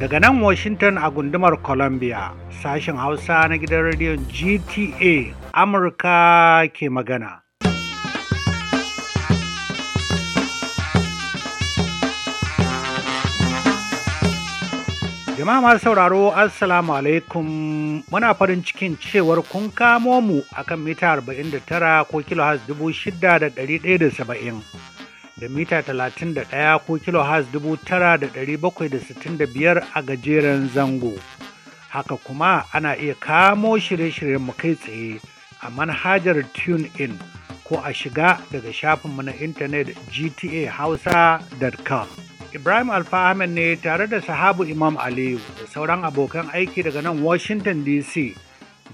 Daga nan Washington a gundumar Columbia, sashen Hausa na gidan rediyon GTA Amurka ke magana. Jama'a masu sauraro Assalamu alaikum muna farin cikin cewar kun kamo mu akan mita 49 ko kilohaz 6,170 da mita 31 ko kilohaz 9,765 a gajeren zango. Haka kuma ana iya kamo shirye-shiryen mu kai tsaye a manhajar TuneIn ko a shiga daga shafinmu na intanet gtahausa.com. Ibrahim Alfa Ahmed ne tare da sahabu Imam Aliyu da sauran abokan aiki daga nan Washington DC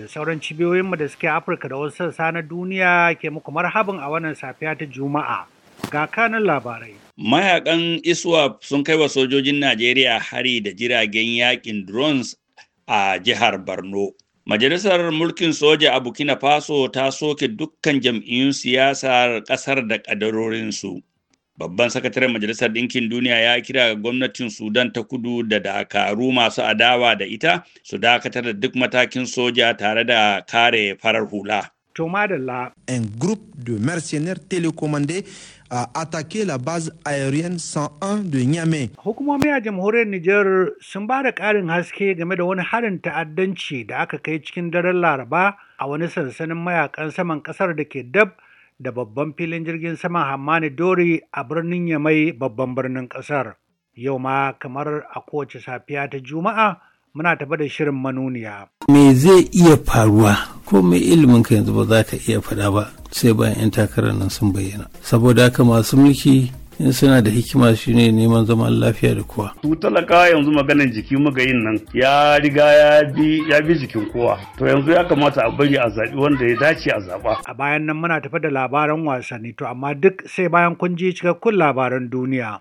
da sauran cibiyoyinmu da suke Afirka da wasu sassa na duniya ke muku marhaban a wannan safiya ta Juma'a. Ga kanan labarai. Mayakan ISWAP sun kai wa sojojin Najeriya hari da jiragen yakin drones a jihar Borno. Majalisar Mulkin Soja a Burkina Faso ta soke dukkan jam'iyyun siyasar ƙasar da ƙadarorinsu. Babban sakataren Majalisar Ɗinkin Duniya ya kira ga gwamnatin Sudan ta kudu da dakaru masu adawa da ita su dakatar da duk matakin soja tare da kare farar hula. Un groupe de mercenaires télécommandés a attaqué la base aérienne 101 de Niamey. Hukumomi a jamhuriyar niger sun ba da ƙarin haske game da wani harin ta'addanci da aka kai cikin daren Laraba a wani sansanin mayakan saman ƙasar da ke dab da babban filin jirgin saman Hammani Dori a birnin Yamai babban birnin ƙasar. Yau ma kamar a kowace safiya ta Juma'a muna tafa da shirin manuniya. Me zai iya faruwa ko mai ilimin ka yanzu ba za ka iya faɗa ba sai bayan 'yan takarar nan sun bayyana. Saboda haka masu mulki in suna da hikima shine neman zaman lafiya da kowa su talaka yanzu maganan jiki muka yin nan ya riga ya bi ya bi jikin kowa to yanzu ya kamata a bari a zaɓi wanda ya dace a zaɓa a bayan nan muna tafi da labaran wasanni to amma duk sai bayan kun ji cikakkun labaran duniya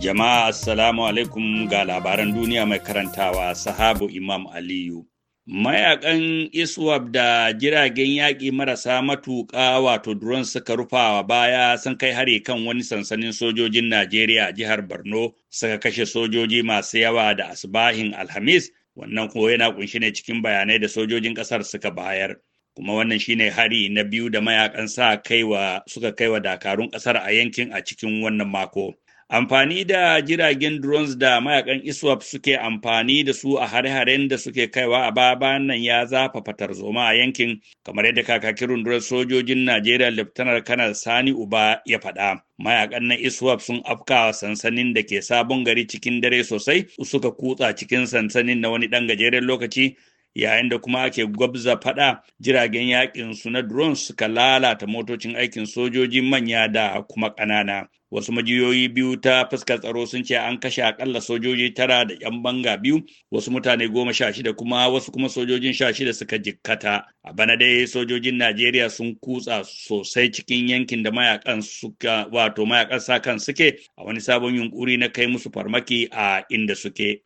Jama'a Assalamu alaikum ga labaran duniya mai karantawa sahabu Imam Aliyu. Mayakan iswab da jiragen yaƙi marasa matuƙa wato drone suka rufawa baya sun kai hari kan wani sansanin sojojin Najeriya jihar Borno suka kashe sojoji masu yawa da asbahin Alhamis wannan kuwa yana kunshi ne cikin bayanai da sojojin ƙasar suka bayar. Kuma wannan shine hari na biyu da mayakan sa kaiwa suka kaiwa dakarun ƙasar a yankin a cikin wannan mako. Amfani da jiragen drones da mayakan ISWAP suke amfani da su a hare-haren da suke kaiwa a baba nan ya fatar zoma a yankin kamar yadda kakakin rundunar sojojin Najeriya lieutenant Kanar Sani Uba ya faɗa. Mayakan na ISWAP sun afkawa sansanin da ke sabon gari cikin dare sosai suka kutsa cikin sansanin na wani ɗan gajeren lokaci yayin da kuma ake gwabza fada jiragen yakin su na drones suka lalata motocin aikin sojoji manya da kuma ƙanana wasu majiyoyi biyu ta fuskar tsaro sun ce an kashe akalla sojoji tara da 'yan banga biyu wasu mutane goma sha shida kuma wasu kuma sojojin sha shida suka jikkata a bana dai sojojin najeriya sun kutsa sosai cikin yankin da mayakan suka wato mayakan sa kan suke a wani sabon yunkuri na kai musu farmaki a inda suke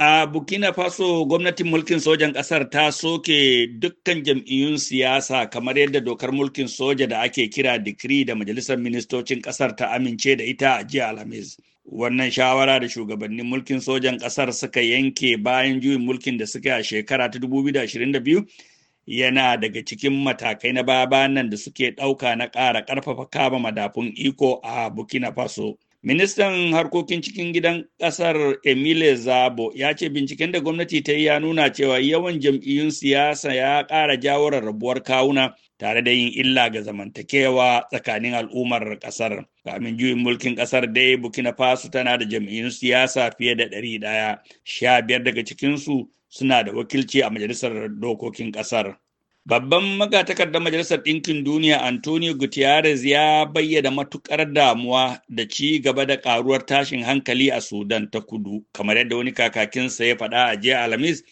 A Burkina Faso gwamnatin mulkin sojan ƙasar ta soke dukkan jam'iyyun siyasa kamar yadda dokar mulkin soja da ake kira dikiri da majalisar ministocin ƙasar ta amince da ita a jiya Alhamis. Wannan shawara da shugabannin mulkin sojan ƙasar suka yanke bayan juyin mulkin da suka a shekara ta 2022 yana daga cikin matakai na baya nan da suke ɗauka na ƙara ƙarfafa kama madafun iko a Burkina Faso. Ministan harkokin cikin gidan ƙasar Emile Zabo ya ce binciken da gwamnati ta yi ya nuna cewa yawan jam'iyyun siyasa ya ƙara jawar rabuwar kawuna tare da yin illa ga zamantakewa tsakanin al'ummar ƙasar. Kamin juyin mulkin ƙasar dai Burkina Faso tana da jam'iyyun siyasa fiye da ɗari ɗaya, sha biyar daga cikinsu suna da wakilci a majalisar dokokin ƙasar. Babban magatakardar Majalisar Ɗinkin Duniya Antonio Gutierrez ya bayyana matuƙar damuwa da ci gaba da ƙaruwar tashin hankali a Sudan ta kudu, kamar yadda wani kakakinsa ya faɗa a jiya Alhamis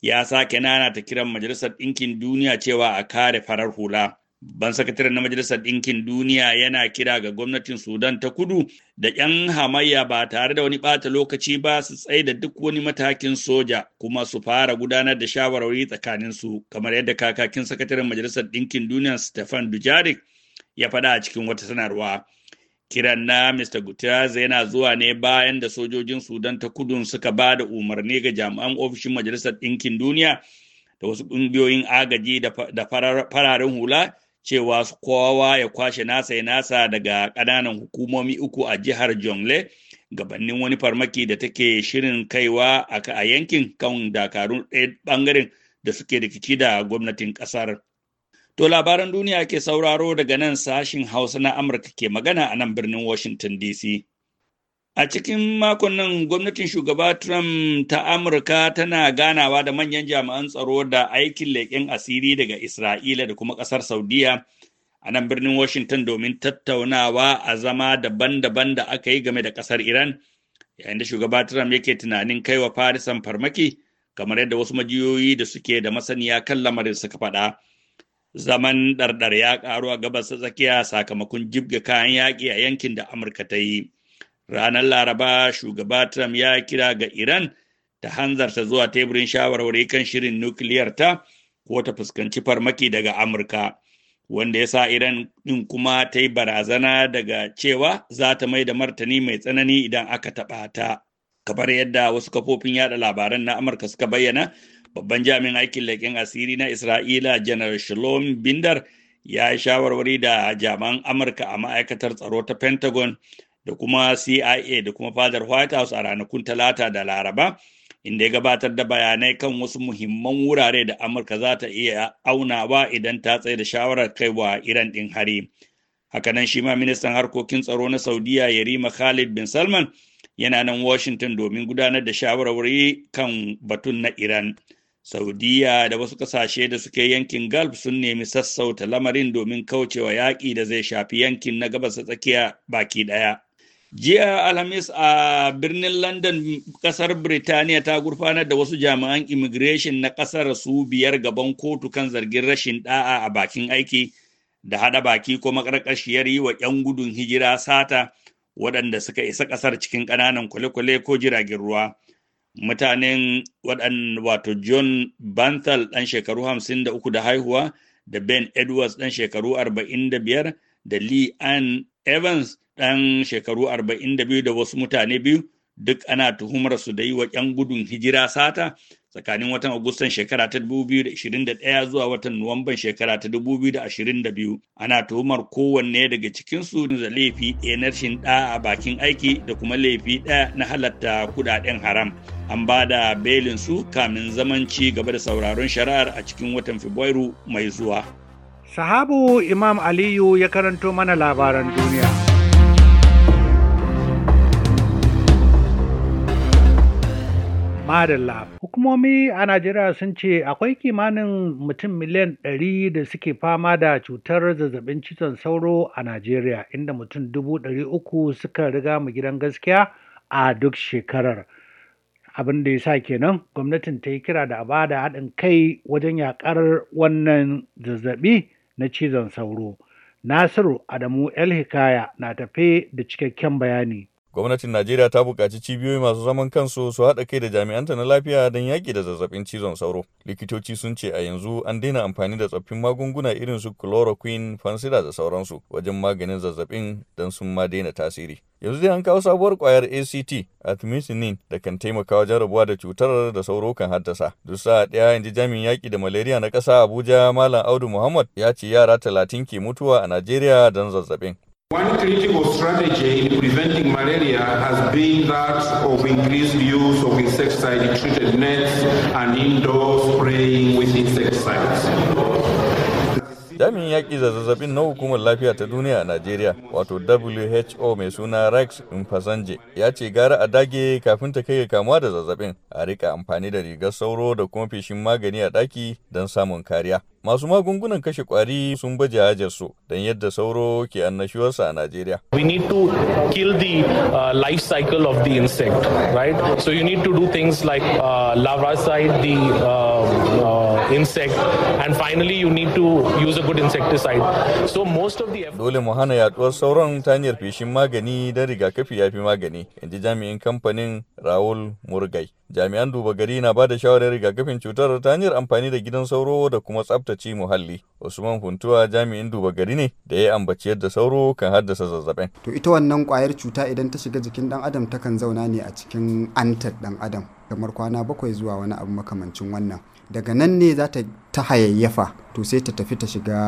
ya sake nana ta kiran Majalisar Ɗinkin Duniya cewa a kare farar hula. Ban sakataren na Majalisar Ɗinkin Duniya yana kira ga gwamnatin Sudan ta kudu da 'yan hamayya ba tare da wani ɓata lokaci ba su tsaye da duk wani matakin soja kuma su fara gudanar da shawarwari tsakaninsu kamar yadda kakakin sakataren Majalisar Ɗinkin Duniya Stefan Dujarik ya faɗa a cikin wata sanarwa. Kiran na Mr. Guterres yana zuwa ne bayan da sojojin Sudan ta Kudu suka ba da umarni ga jami'an ofishin Majalisar Ɗinkin Duniya da wasu ƙungiyoyin agaji da fararen hula cewa su kowa ya kwashe nasa ya nasa daga ƙananan hukumomi uku a jihar jongle gabanin wani farmaki da take shirin kaiwa a yankin kan dakarun ɗaya ɓangaren da suke rikici da gwamnatin ƙasar. To labaran duniya ke sauraro daga nan sashin Hausa na Amurka ke magana a nan birnin Washington DC. A cikin makon nan gwamnatin shugaba Trump ta Amurka tana ganawa da manyan jami'an tsaro da aikin leƙen asiri daga Isra'ila da kuma ƙasar Saudiya a nan birnin Washington domin tattaunawa a zama daban-daban da aka yi game da ƙasar Iran, yayin da shugaba Trump yake tunanin kai wa Farisan farmaki kamar yadda wasu majiyoyi da suke da masaniya kan lamarin suka faɗa. Zaman ɗarɗar ya ƙaru a gabas tsakiya sakamakon jibga kayan yaƙi a yankin da Amurka ta yi. Ranar Laraba shugaba Trump ya kira ga Iran ta hanzarta zuwa teburin shawarwari kan shirin nukiliyar ta ko ta fuskanci farmaki daga Amurka. Wanda ya sa Iran ɗin kuma ta yi barazana daga cewa za ta mai da martani mai tsanani idan aka taɓa ta. Kamar yadda wasu kafofin yada labaran na Amurka suka bayyana, babban jami'in aikin leƙen asiri na Isra'ila Janar Shalom Bindar ya yi shawarwari da jami'an Amurka a ma'aikatar tsaro ta Pentagon da kuma CIA da kuma fadar White House a ranakun Talata da Laraba, inda ya gabatar da bayanai kan wasu muhimman wurare da Amurka za ta iya aunawa idan ta tsaye da shawarar kaiwa Iran ɗin hari. Hakanan shi ma ministan harkokin tsaro na Saudiya Yarima Khalid bin Salman yana nan Washington domin gudanar da shawarwari kan batun na Iran. Saudiya da wasu kasashe da suke yankin Gulf sun nemi sassauta lamarin domin kaucewa yaƙi da zai shafi yankin na gabas tsakiya baki ɗaya. jiya alhamis a birnin london kasar birtaniya ta gurfanar da wasu jami'an immigration na kasar su biyar gaban kotu kan zargin rashin da'a a bakin aiki da hada baki kuma karkashiyar yi wa 'yan gudun hijira sata waɗanda suka isa kasar cikin ƙananan kwale-kwale ko jiragen ruwa mutanen waɗan wato john banthal ɗan shekaru 53 da haihuwa da ben edwards ɗan shekaru 45 da lee ann evans ɗan shekaru arba'in da biyu da wasu mutane biyu duk ana tuhumar su da yi wa 'yan gudun hijira sata tsakanin watan agustan shekara ta 2021 zuwa watan nuwamban shekara ta 2022 ana tuhumar kowanne daga cikinsu da laifi ɗaya na rashin ɗa a bakin aiki da kuma laifi ɗaya na halatta kuɗaɗen haram an ba da belin su kamin zaman ci gaba da sauraron shari'ar a cikin watan fabrairu mai zuwa sahabu imam aliyu ya karanto mana labaran duniya Madalla. Hukumomi a Najeriya sun ce akwai kimanin mutum miliyan ɗari da suke fama da cutar zazzabin cizon sauro a Najeriya, inda mutum dubu ɗari uku suka riga mu gidan gaskiya a duk shekarar. Abin da ya sa kenan gwamnatin ta yi kira da a bada haɗin kai wajen yaƙar wannan zazzabi na cizon sauro. Nasiru Adamu El Hikaya na tafe da cikakken bayani. Gwamnatin Najeriya ta buƙaci cibiyoyi masu zaman kansu su haɗa kai da jami'anta na lafiya don yaƙi da zazzabin cizon sauro. Likitoci sun ce a yanzu an daina amfani da tsoffin magunguna irin su chloroquine, fansida da sauransu wajen maganin zazzabin don sun ma daina tasiri. Yanzu dai an kawo sabuwar kwayar ACT, artemisinin, da kan taimaka wajen rabuwa da cutar da sauro kan haddasa. Duk sa'a ɗaya in ji jami'in yaƙi da malaria na ƙasa Abuja Malam Audu Muhammad ya ce yara talatin ke mutuwa a Najeriya don zazzabin. One critical strategy in preventing malaria has been that of increased use of insecticide-treated nets and indoor spraying with insecticides. jami'in yaƙi da zazzabin na hukumar lafiya ta duniya a najeriya wato who mai suna rex infasanje ya ce gara a dage kafin ta kai kamuwa da zazzabin a rika amfani da rigar sauro da kuma feshin magani a ɗaki don samun kariya masu magungunan kashe kwari sun baje su don yadda sauro ke annashuwarsa a Najeriya. We need to kill the uh, life cycle of the insect, right? So you need to do things like uh, larvicide the um, uh, insect and finally you need to use a good insecticide. So most of the Dole mu hana yaduwar sauron ta hanyar feshin magani da rigakafi ya fi magani, inji jami'in kamfanin Raul Murgai. Jami'an duba gari na ba da shawarar rigakafin cutar ta hanyar amfani da gidan sauro da kuma tsafta tsaftace muhalli Usman Huntuwa jami'in duba gari ne da ya ambaci yadda sauro kan haddasa zazzabin. To ita wannan kwayar cuta idan ta shiga jikin dan adam takan zauna ne a cikin antar dan adam kamar kwana bakwai zuwa wani abu makamancin wannan. Daga nan ne za ta ta hayayyafa to sai ta tafi ta shiga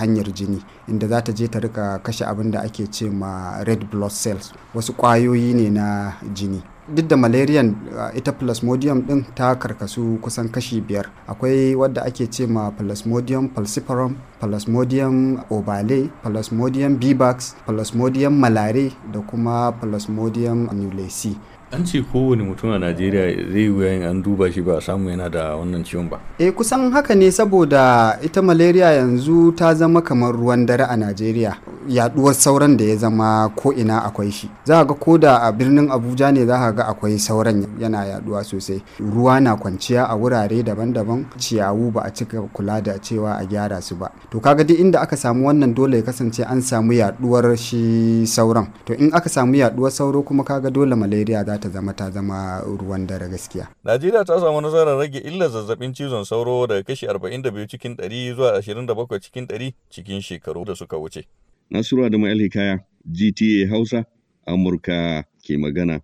hanyar jini inda za ta je ta rika kashe abin da ake ce ma red blood cells wasu kwayoyi ne na jini. duk da malarian uh, ita plasmodium din ta karkasu kusan kashi biyar akwai wadda ake ce ma plasmodium falciparum plasmodium ovale plasmodium bivax plasmodium malare da kuma plasmodium annulesi an ce kowane mutum a najeriya zai wuya an duba shi ba samu yana da wannan ciwon ba eh kusan haka ne saboda ita malaria yanzu ta zama kamar ruwan dare a najeriya yaduwar sauran da ya zama ko ina akwai shi za ga ko da a birnin abuja ne za ga akwai sauran yana yaduwa sosai ruwa na kwanciya a wurare daban-daban ciyawu ba a cika kula da cewa a gyara su ba to kaga duk inda aka samu wannan dole ya kasance an samu yaduwar shi sauran to in aka samu yaduwar sauro kuma kaga dole malaria za ta zama ta zama ruwan dare gaskiya. Najeriya ta samu nasarar rage illar zazzabin cizon sauro daga kashi 42 cikin 100 zuwa 27 cikin 100 cikin shekaru da suka wuce. Nasiru Adamu Alhikaya, GTA Hausa, Amurka ke magana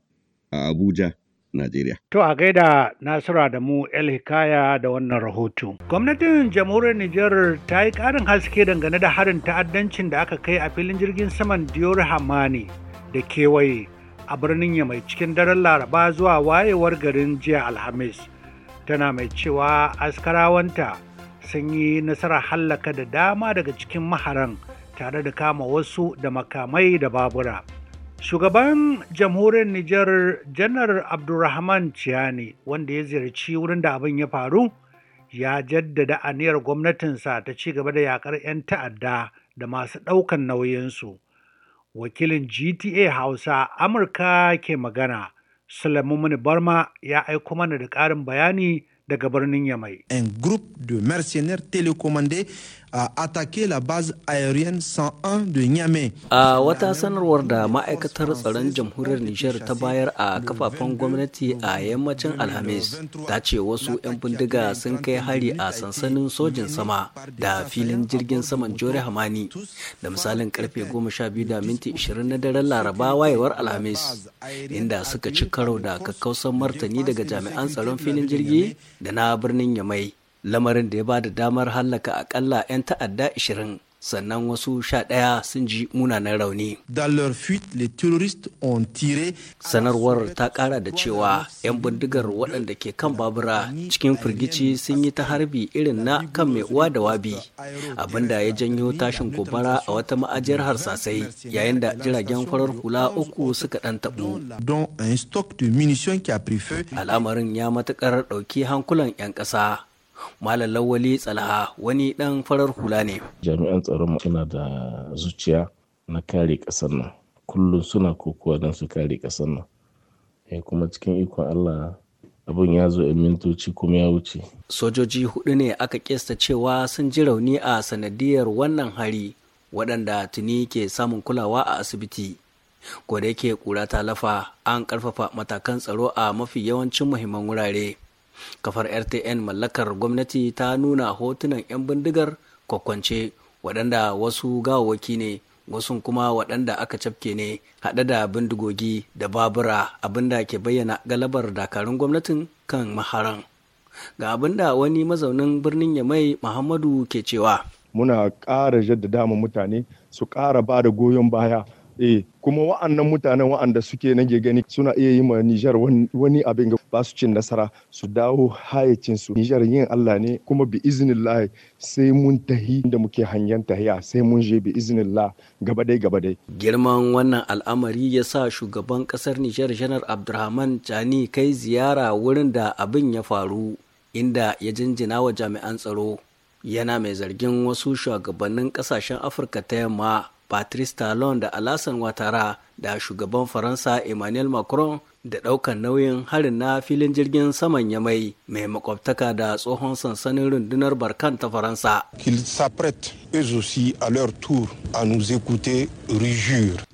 a Abuja. Najeriya. To a gaida Nasiru Adamu mu Hikaya da wannan rahoto. Gwamnatin jamhuriyar Nijar ta yi ƙarin haske dangane da harin ta'addancin da aka kai a filin jirgin saman Dior Hamani da kewaye a birnin Yamai cikin daren Laraba zuwa wayewar garin jiya Alhamis. Tana mai cewa askarawanta sun yi nasarar hallaka da dama daga cikin maharan tare da kama wasu da makamai da babura. Shugaban jamhuriyar Nijar Janar Abdulrahman Ciyani wanda ya ziyarci wurin da abin ya faru ya jaddada aniyar gwamnatinsa ta ci gaba da yakar 'yan ta'adda da masu ɗaukan nauyinsu. wakilin GTA Hausa Amurka ke magana. Sulaimu Barma ya aiko mana da ƙarin bayani daga birnin Yamai. En group de mercenaires télécommandés a attaqué la base aérienne 101 de Niamey. A wata sanarwar da ma'aikatar tsaron jamhuriyar Nijar ta bayar a kafafen gwamnati a yammacin Alhamis ta ce wasu 'yan bindiga sun kai hari a sansanin sojin sama da filin jirgin saman Jore Hamani da misalin karfe 12 da minti 20 na daren Laraba wayewar Alhamis inda suka ci karo da kakkausan martani daga jami'an tsaron filin jirgi da na birnin Yamai. lamarin da ya ba da damar hallaka akalla 'yan ta'adda 20 sannan wasu sha ɗaya sun ji munanan rauni. Sanarwar ta ƙara da cewa 'yan bindigar waɗanda ke kan babura cikin firgici sun yi ta harbi irin na kan mai uwa da wabi, abinda ya janyo tashin gobara a wata ma'ajiyar harsasai yayin da jiragen farar hula uku suka ɗan taɓo. Al'amarin ya matuƙar ɗauki hankulan 'yan ƙasa Malam Lawali Tsalha wani dan farar hula ne. Jami'an tsaron mu ina da zuciya na kare ƙasar nan. Kullum suna kokowa don su kare ƙasar nan. Eh kuma cikin ikon Allah abun ya zo mintoci kuma ya wuce. Sojoji hudu ne aka kesta cewa sun ji rauni a sanadiyar wannan hari waɗanda tuni ke samun kulawa a asibiti. yake ƙura ta lafa an ƙarfafa matakan tsaro a mafi yawancin muhimman wurare. Kafar RTN mallakar gwamnati ta nuna hotunan 'yan bindigar kwakwance waɗanda wasu gawawaki ne wasu kuma waɗanda aka cafke ne haɗe da bindigogi da babura abinda ke bayyana galabar dakarun gwamnatin kan maharan. Ga abinda wani mazaunin birnin ya mai Muhammadu ke cewa. Muna ƙara jaddada mutane su ƙara ba da goyon baya eh kuma wa'annan mutanen wa'anda suke nage gani suna iya yi ma Nijar wani abin ba su cin nasara su dawo hayacinsu Nijar yin Allah ne kuma bi iznillah sai mun tahi da muke hanyar tahiya sai mun je bi iznillah gaba dai gaba girman wannan al'amari ya sa shugaban kasar Nijar Janar Abdurrahman Jani kai ziyara wurin da abin ya faru inda ya jinjina wa jami'an tsaro yana mai zargin wasu shugabannin kasashen Afirka ta yamma patrice talon da alasan watara da shugaban faransa emmanuel macron da ɗaukan nauyin harin na filin jirgin saman yamai mai makwabtaka da tsohon sansanin rundunar barkan ta faransa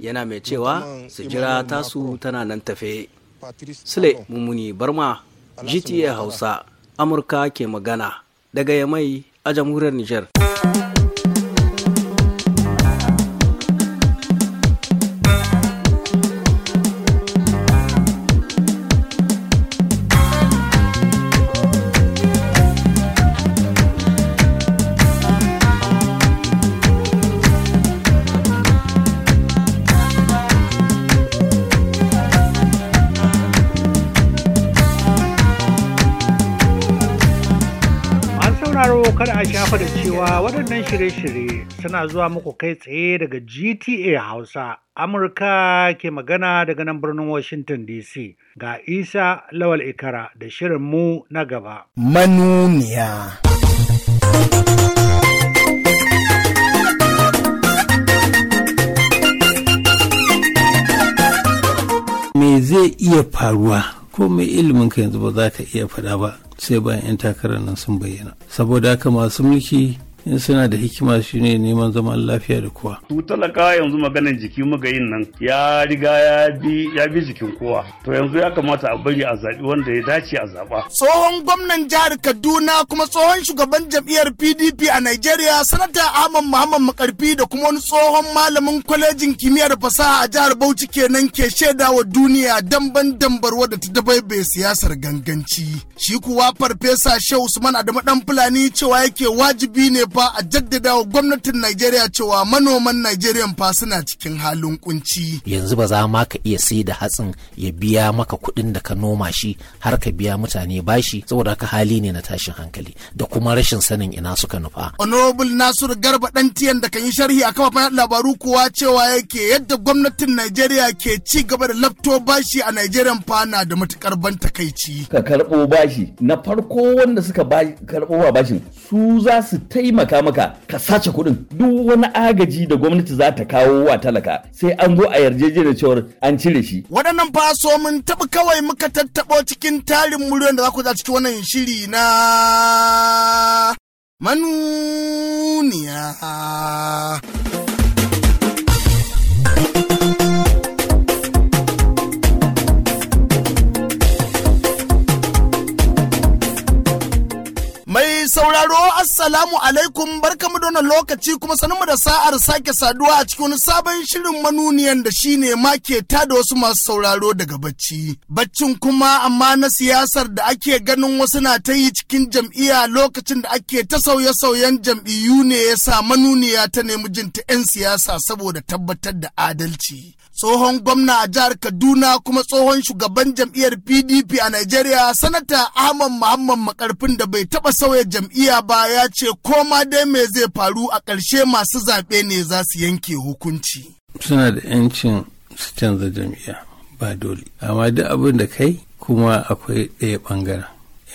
yana mai cewa su jira tasu tana nan tafe sule mummuni barma gta hausa amurka ke magana daga yamai a jamhuriyar niger kada a shafa da cewa waɗannan shirye-shirye suna zuwa muku kai tsaye daga GTA Hausa, Amurka ke magana daga nan birnin Washington DC ga Isa Lawal Ikara da shirin mu na gaba. Manuniya. Me zai iya faruwa ko mai ilimin ka yanzu ba za ka iya faɗa ba. sai bayan 'yan takarar nan sun bayyana saboda haka masu mulki in suna da hikima shi ne neman zaman lafiya da kowa. su talaka yanzu maganin jiki muga yin nan ya riga ya bi jikin kowa to yanzu ya kamata a bari a zaɓi wanda ya dace a zaɓa. tsohon gwamnan jihar kaduna kuma tsohon shugaban jam'iyyar pdp a nigeria sanata ahmad muhammad makarfi da kuma wani tsohon malamin kwalejin kimiyya da fasaha a jihar bauchi kenan ke shaida wa duniya damban dambar wadda ta dabai bai siyasar ganganci shi kuwa farfesa shehu usman adamu dan fulani cewa yake wajibi ne fa a jaddada wa gwamnatin Najeriya cewa manoman Najeriya fa suna cikin halin kunci. Yanzu ba za ma ka iya sai da hatsin ya biya maka kuɗin da ka noma shi har ka biya mutane bashi saboda haka hali ne na tashin hankali da kuma rashin sanin ina suka nufa. Honorable Nasiru Garba ɗan tiyan da kan yi sharhi a kafafen labaru kuwa cewa yake yadda gwamnatin Najeriya ke ci gaba da lafto bashi a Najeriya fa na da matukar ban takaici. Ka karɓo bashi na farko wanda suka karɓo bashin su za su taimaka taimaka maka ka sace kuɗin duk wani agaji da gwamnati za ta kawo wa talaka sai an zo a yarjejeniyar cewar an cire shi. Waɗannan faso mun taɓa kawai muka tattaɓo cikin tarin muryan da za ku za cikin wannan shiri na manuniya. Mai sauraro Assalamu alaikum barkamu da wannan lokaci kuma sanmu da sa'ar sake saduwa a cikin wani sabon shirin manuniyan da shine ma ke da wasu masu sauraro daga bacci. Baccin kuma amma na siyasar da ake ganin wasu na ta yi cikin jam'iyya lokacin da ake ta sauye-sauyen jam'iyyu ne ya sa manuniya ta nemi jin ta 'yan siyasa saboda tabbatar da adalci. tsohon gwamna a jihar Kaduna kuma tsohon shugaban jam'iyyar PDP a Najeriya sanata Ahmad Muhammad Makarfin da bai taba sauya jam'iyya ba ya ce koma dai me zai faru a ƙarshe masu zaɓe ne za su yanke hukunci. Suna da 'yancin su canza jam'iyya ba dole, amma duk abin da kai kuma akwai ɗaya ɓangaren.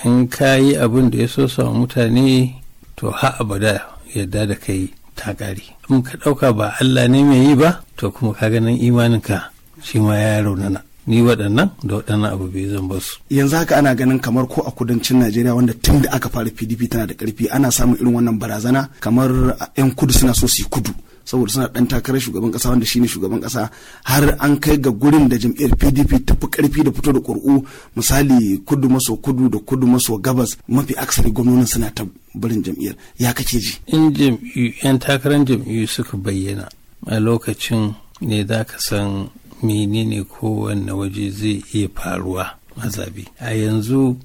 In ka yi abin da ya so sama mutane to ha abada yadda da kai ta ƙare. In ka ɗauka ba Allah ne mai yi ba to kuma ka ganin ka shi ma ya raunana. ni waɗannan da waɗannan abu bai zan basu. yanzu haka ana ganin kamar ko a kudancin najeriya wanda tun da aka fara pdp tana da ƙarfi ana samun irin wannan barazana kamar 'yan kudu suna so su kudu saboda suna dan takarar shugaban kasa wanda shine shugaban kasa har an kai ga gurin da jam'iyyar PDP ta fi karfi da fito da ƙuri'u misali kudu maso kudu da kudu maso gabas mafi aksari gwamnonin suna ta barin jam'iyyar ya kake ji in jam'iyyu yan takarar jam'iyyu suka bayyana a lokacin ne za ka san menene kowanne waje zai iya faruwa a mazabi a yanzu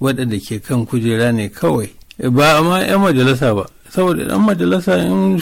waɗanda ke kan kujera ne kawai ba ma 'yan majalisa ba saboda dan majalisa in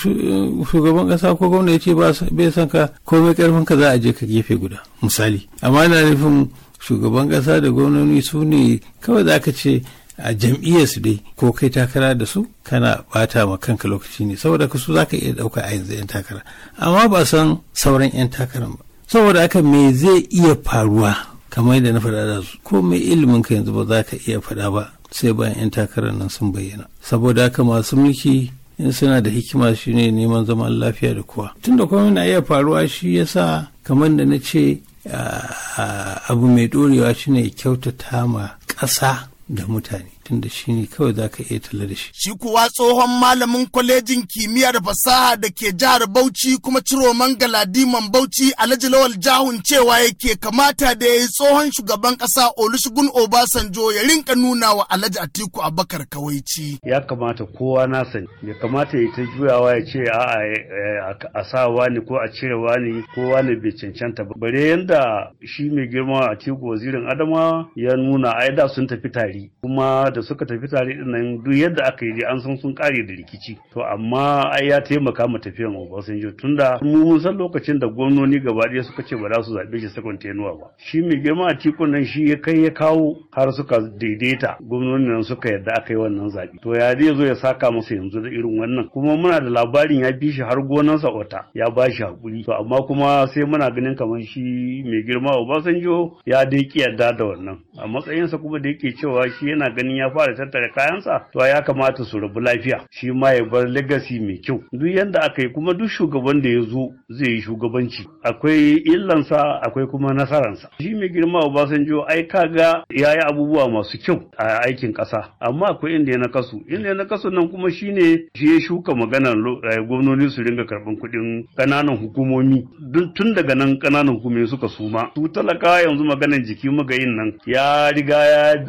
shugaban kasa ko gwamna ya ce bai son ka komai karfin ka za a je ka gefe guda misali amma na nufin shugaban ƙasa da gwamnoni su ne kawai za ka ce a jam'iyyar su dai ko kai takara da su kana bata ma kanka lokaci ne saboda ka su za ka iya ɗauka a yanzu yan takara amma ba san sauran yan takaran ba saboda haka me zai iya faruwa kamar yadda na faɗa da su komai ilimin ka yanzu ba za ka iya faɗa ba sai bayan 'yan takarar nan sun bayyana saboda haka masu mulki in suna da hikima shine neman zaman lafiya da kowa tunda komai na iya faruwa shi yasa kamar da na ce ah, ah, abu mai ɗorewa shine kyautata ma ƙasa da mutane cikin da shi ne kawai za ka iya tallar da shi. Shi kuwa tsohon malamin kwalejin kimiyyar fasaha da ke jihar Bauchi kuma mangala Galadiman Bauchi Alhaji Lawal Jahun cewa yake kamata da ya yi tsohon shugaban ƙasa Olusegun Obasanjo ya rinka nuna wa Alhaji Atiku Abubakar Kawaici. Ya kamata kowa na sani, ya kamata ya ta juyawa ya ce a'a eh, eh, a sa wani ko a cire wani ko wani bai cancanta ba. Bare yanda shi mai girma Atiku wazirin Adamawa ya nuna ai da sun tafi tari kuma da da suka tafi tare din nan duk yadda aka yi an san sun kare da rikici to amma ai ya taimaka mu tafiyan Obasanjo tunda mu mun san lokacin da gwamnoni gaba ɗaya suka ce ba za su zaɓe shi sakon tenuwa ba shi mai girma a tikun nan shi ya kai ya kawo har suka daidaita gwamnoni nan suka yadda aka yi wannan zaɓe to ya zai zo ya saka masa yanzu da irin wannan kuma muna da labarin ya bi shi har sa wata ya ba shi hakuri to amma kuma sai muna ganin kamar shi mai girma Obasanjo ya dai kiyar da wannan a matsayinsa kuma da yake cewa shi yana ganin ya ya fara tattara kayansa to ya kamata su rabu lafiya shi ma ya bar legacy mai kyau duk yanda aka yi kuma duk shugaban da ya zo zai yi shugabanci akwai illansa akwai kuma nasaransa shi mai girma Obasanjo ai kaga ya yi abubuwa masu kyau a aikin ƙasa amma akwai inda ya nakasu inda ya nakasu nan kuma shine shi ya shuka maganar eh, gwamnoni su ringa karɓan kuɗin ƙananan hukumomi tun daga nan ƙananan hukumomi suka suma su talaka yanzu maganar jiki magayin nan ya riga ya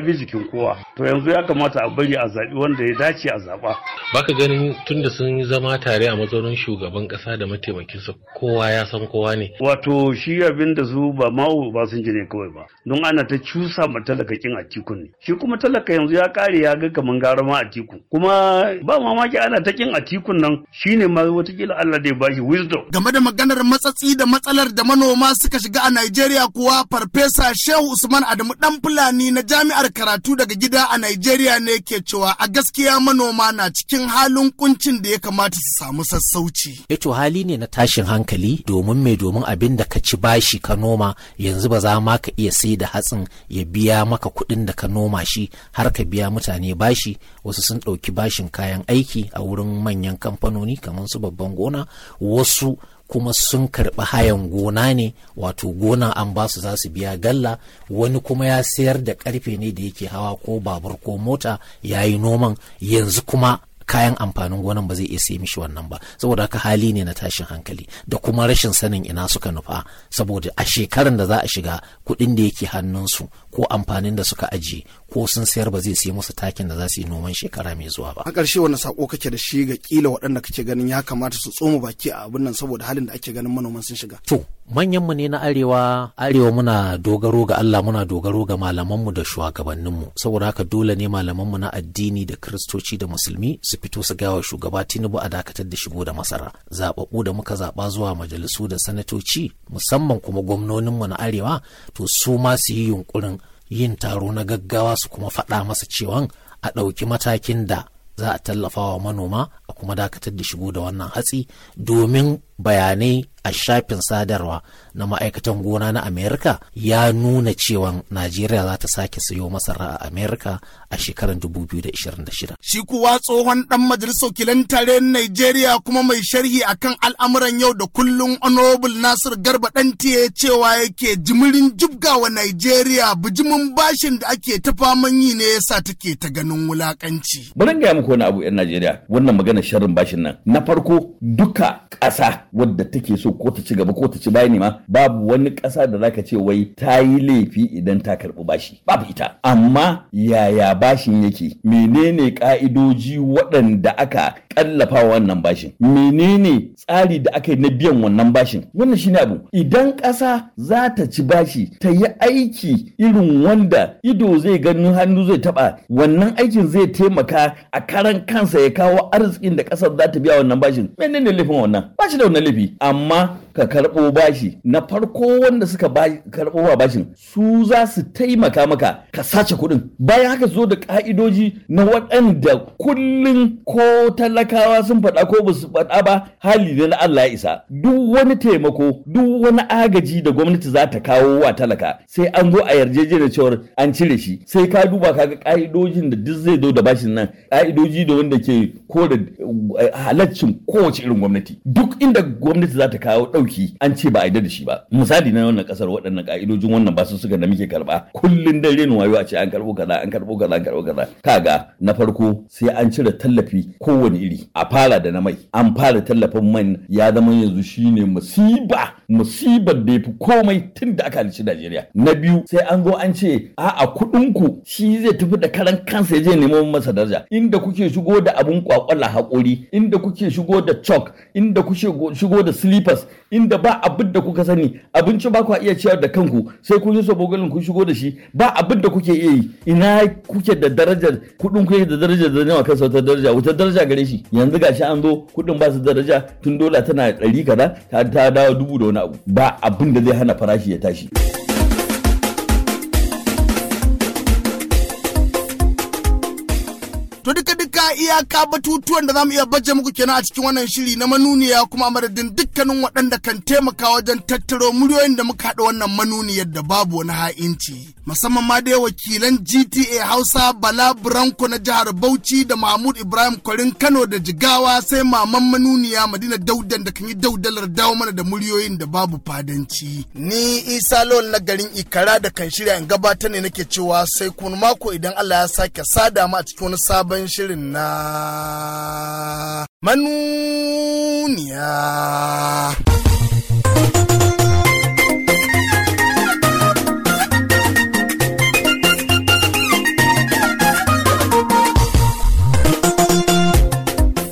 bi jikin kowa to yanzu ya kamata a bari a zaɓi wanda ya dace a zaɓa baka ganin tun da sun yi zama tare a matsayin shugaban ƙasa da mataimakinsa kowa ya san kowa ne wato shi abin da su ba mawo ba sun ji kawai ba don ana ta cusa ma talakakin a tikun ne shi kuma talaka yanzu ya ƙare ya ga kaman gara ma a tikun kuma ba mamaki ana ta kin a tikun nan shine ma watakila Allah da ya bashi wisdom game da maganar matsatsi da matsalar da manoma suka shiga a Najeriya kuwa farfesa Shehu Usman Adamu dan Fulani na jami'ar karatu daga gida a Najeriya ne ke cewa a gaskiya manoma na cikin halin kuncin da ya kamata su samu sassauci. Eto eh hali ne na tashin hankali domin mai domin abin da ka ci bashi ka noma yanzu ba za ma ka iya sai da hatsin ya biya maka kuɗin da ka noma shi har ka biya mutane bashi wasu sun ɗauki bashin kayan aiki a wurin manyan kamfanoni kamar su babban gona wasu kuma sun karɓi hayan gona ne wato gona an ba su za su biya galla wani kuma ya sayar da karfe ne da yake hawa ko babur ko mota ya yi noman yanzu kuma kayan amfanin gonan ba zai iya sai mishi wannan ba saboda haka hali ne na tashin hankali da kuma rashin sanin ina suka nufa saboda a shekaran da za a shiga kuɗin da yake hannunsu ko amfanin da suka ajiye ko sun sayar ba zai sai musu takin da za su yi noman shekara mai zuwa ba. A ƙarshe wani sako kake da shi ga kila waɗanda kake ganin ya kamata su tsoma baki a abin nan saboda halin da ake ganin manoman sun shiga. To manyan mu ne na arewa arewa muna dogaro ga Allah muna dogaro ga malamanmu da shugabanninmu saboda haka dole ne malamanmu na addini da kiristoci da musulmi su fito su gawa shugaba Tinubu a dakatar da shigo da masara zaɓaɓɓu da muka zaɓa zuwa majalisu da sanatoci musamman kuma gwamnoninmu na arewa to su ma su yi yunkurin yin taro na gaggawa su kuma faɗa masa cewan a ɗauki matakin da za a tallafa wa manoma a kuma dakatar da shigo da wannan hatsi domin bayanai a shafin sadarwa na ma'aikatan gona na amerika ya nuna cewa najeriya za ta sake sayo masara a amerika a shekarar 2026 shi kuwa tsohon dan majalisar kilan tare najeriya kuma mai sharhi akan al'amuran yau da kullum onobul nasir garba dantiye cewa yake jimirin jibgawa najeriya bijimin bashin da ake ta faman yi ne yasa take ta ganin wulakanci bari gaya muku wani abu yan najeriya wannan magana sharrin bashin nan na farko duka ƙasa wadda take so ko ta ci gaba ko ta ci baya ne ma babu wani ƙasa da zaka ce wai ta yi laifi idan ta karɓi bashi babu ita amma yaya bashin yake menene ka'idoji waɗanda aka kallafa wannan bashin menene tsari da aka yi na biyan wannan bashin wannan shine abu idan ƙasa za ta ci bashi ta yi aiki irin wanda ido zai gani hannu zai taɓa wannan aikin zai taimaka a karan kansa ya kawo arzikin da ƙasar za ta biya wannan bashin menene laifin wannan ba shi da wannan galibi amma ka karɓo bashi na farko wanda suka karɓo ba bashin su za su taimaka maka ka sace kuɗin bayan haka zo da ƙa'idoji na waɗanda kullum ko talakawa sun faɗa ko ba su faɗa ba hali da na Allah ya isa duk wani taimako duk wani agaji da gwamnati za ta kawo wa talaka sai an zo a yarjejeniyar cewar an cire shi sai ka duba ka ga ƙa'idojin da duk zai zo da bashin nan ƙa'idoji da wanda ke kore eh, halaccin kowace irin gwamnati duk inda gwamnati za ta kawo ɗauki an ce ba a da shi ba misali na wannan kasar waɗannan ka'idojin wannan basu suka da muke karɓa. kullun dare ni wayo a ce an karbo kaza an karbo kaza an karbo kaza kaga na farko sai an cire tallafi kowane iri a fara da na mai an fara tallafin man ya zama yanzu shine musiba musibar da yafi komai tun da aka halicci Najeriya na biyu sai an zo an ce a'a kuɗin ku shi zai tafi da karan kansa ya je nemo masa daraja inda kuke shigo da abun kwakwala hakori inda kuke shigo da chalk inda kuke shigo da slippers inda ba abin da kuka sani abinci ba ku iya ciyar da kanku sai kun yi sobogalin kun shigo da shi ba abin da kuke iya yi ina kuke da darajar kudin kuke da darajar da nawa kansa wata daraja wata daraja gare shi yanzu gashi an zo kudin ba su daraja tun dola tana ɗari kaza ta dawo dubu da wani abu ba abin da zai hana farashi ya tashi. To iyaka batutuwan da za mu iya baje muku kenan a cikin wannan shiri na manuniya kuma madadin dukkanin waɗanda kan taimaka wajen tattaro muryoyin da muka haɗa wannan manuniyar da babu wani ha'inci. Musamman ma dai wakilan GTA Hausa Bala Branko na jihar Bauchi da Mahmud Ibrahim Kwarin Kano da Jigawa sai maman manuniya Madina Daudan da kan yi daudalar dawo mana da muryoyin da babu fadanci. Ni Isa Lol na garin Ikara da kan shirya in gabatar ne nake cewa sai kun mako idan Allah ya sake sada mu a cikin wani sabon shirin na manuniya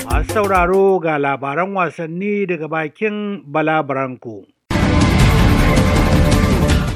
Masu sauraro ga labaran wasanni daga bakin Bala Branko.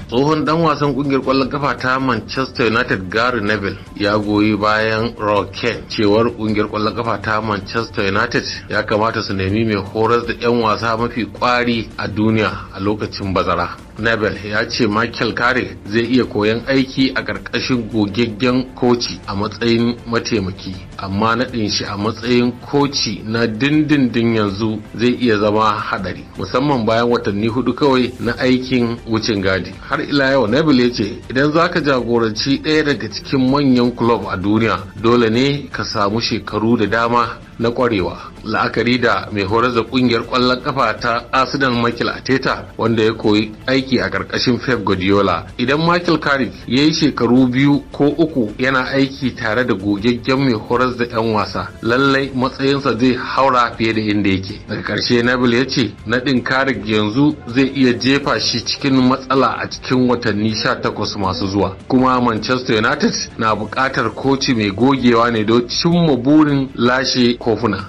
tsohon dan wasan kungiyar kwallon kafa ta manchester united gary neville ya goyi bayan roken cewar kungiyar kwallon kafa ta manchester united ya kamata su nemi mai horas da 'yan wasa mafi kwari a duniya a lokacin bazara Nebel ya ce Michael Kare zai iya koyan aiki a ƙarƙashin gogaggen koci a matsayin mataimaki, amma naɗin shi a matsayin koci na dindindin yanzu zai iya zama haɗari, musamman bayan watanni hudu kawai na aikin wucin gadi. Har ila yau Nebel ya ce idan za ka jagoranci ɗaya daga cikin manyan kulob a duniya dole ne ka samu shekaru da dama na kwarewa la'akari da mai horar da kungiyar kwallon kafa ta asidan michael ateta wanda ya koyi aiki a karkashin pep guardiola idan michael carrick ya yi shekaru biyu ko uku yana aiki tare da gogaggen mai horar da 'yan wasa lallai matsayinsa zai haura fiye da inda yake daga karshe nabil ya ce nadin carrick yanzu zai iya jefa shi cikin matsala a cikin watanni takwas masu zuwa kuma manchester united na buƙatar koci mai gogewa ne don cimma burin lashe kofuna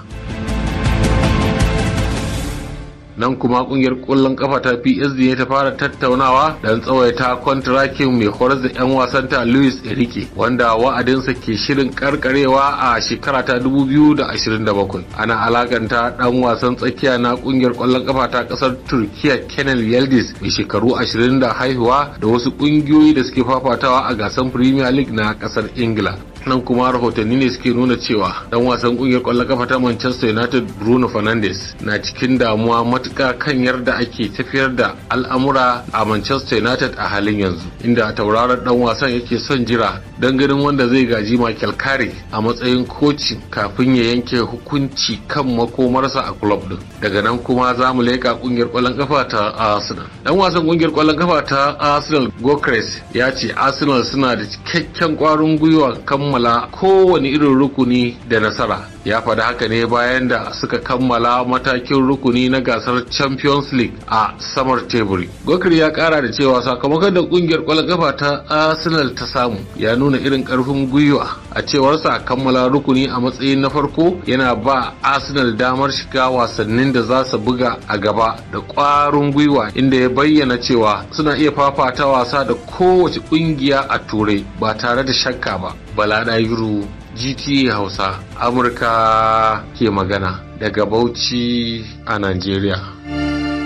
nan kuma kungiyar kwallon kafa ta psd ne ta fara tattaunawa don tsawaita kwantarakin mai horar da 'yan wasan ta luis enrique wanda wa'adinsa ke shirin karkarewa a shekara ta 2027 ana alakanta dan wasan tsakiya na kungiyar kwallon kafa ta kasar turkiya kennel yaldis mai shekaru 20 da haihuwa da wasu kungiyoyi da suke fafatawa a gasar premier league na kasar ingila nan kuma rahotanni ne suke nuna cewa dan wasan kungiyar kwallon kafa ta Manchester United Bruno Fernandes na cikin damuwa matuka kan yarda ake tafiyar da al'amura a Manchester United a halin yanzu inda tauraron dan wasan yake son jira don ganin wanda zai gaji Michael Carey a matsayin koci kafin ya yanke hukunci kan makomarsa a club din daga nan kuma za mu leka kungiyar kwallon kafa ta Arsenal dan wasan kungiyar kwallon kafa ta Arsenal Gokres ya ce Arsenal suna da cikakken kwarin gwiwa kan kammala kowane irin rukuni da nasara ya faɗi haka ne bayan da suka kammala matakin rukuni na gasar champions league a samar teburi gokir ya ƙara da cewa sakamakon da ƙungiyar kwallon kafa ta arsenal ta samu ya nuna irin karfin gwiwa a cewarsa kammala rukuni a matsayin na farko yana ba arsenal damar shiga wasannin da za su buga a gaba da ƙwarin gwiwa inda ya bayyana cewa suna iya fafata wasa da kowace ƙungiya a turai ba tare da shakka ba bala yuru GTA Hausa Amurka ke magana daga Bauchi a Najeriya.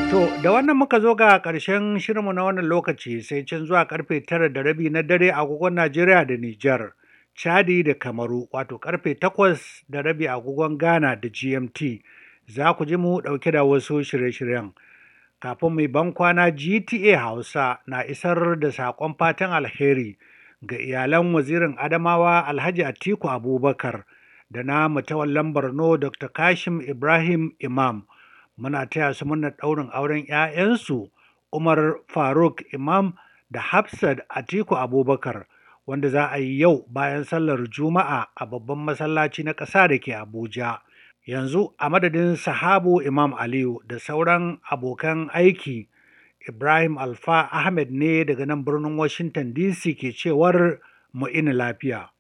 To, da wannan muka zo ga ƙarshen shirinmu na wannan lokaci sai can zuwa karfe tara da rabi na dare agogon Najeriya da Nijar, Chadi da Kamaru, wato karfe takwas da rabi agogon Ghana da GMT. Za ku ji mu ɗauke da wasu shirye-shiryen. Kafin mai ban kwana GTA Hausa na isar da saƙon fatan alheri. ga iyalan wazirin Adamawa Alhaji Atiku Abubakar da na mutawallan Borno Dr. Kashim Ibrahim Imam. Muna taya su murnar ɗaurin auren 'ya'yansu Umar Faruk Imam da hafsad Atiku Abubakar wanda za a yi yau bayan sallar Juma'a a babban masallaci na ƙasa da ke Abuja. Yanzu a madadin sahabu Imam Aliyu da sauran abokan aiki Ibrahim Alfa Ahmed ne daga nan birnin Washington DC ke cewar mu ina lafiya.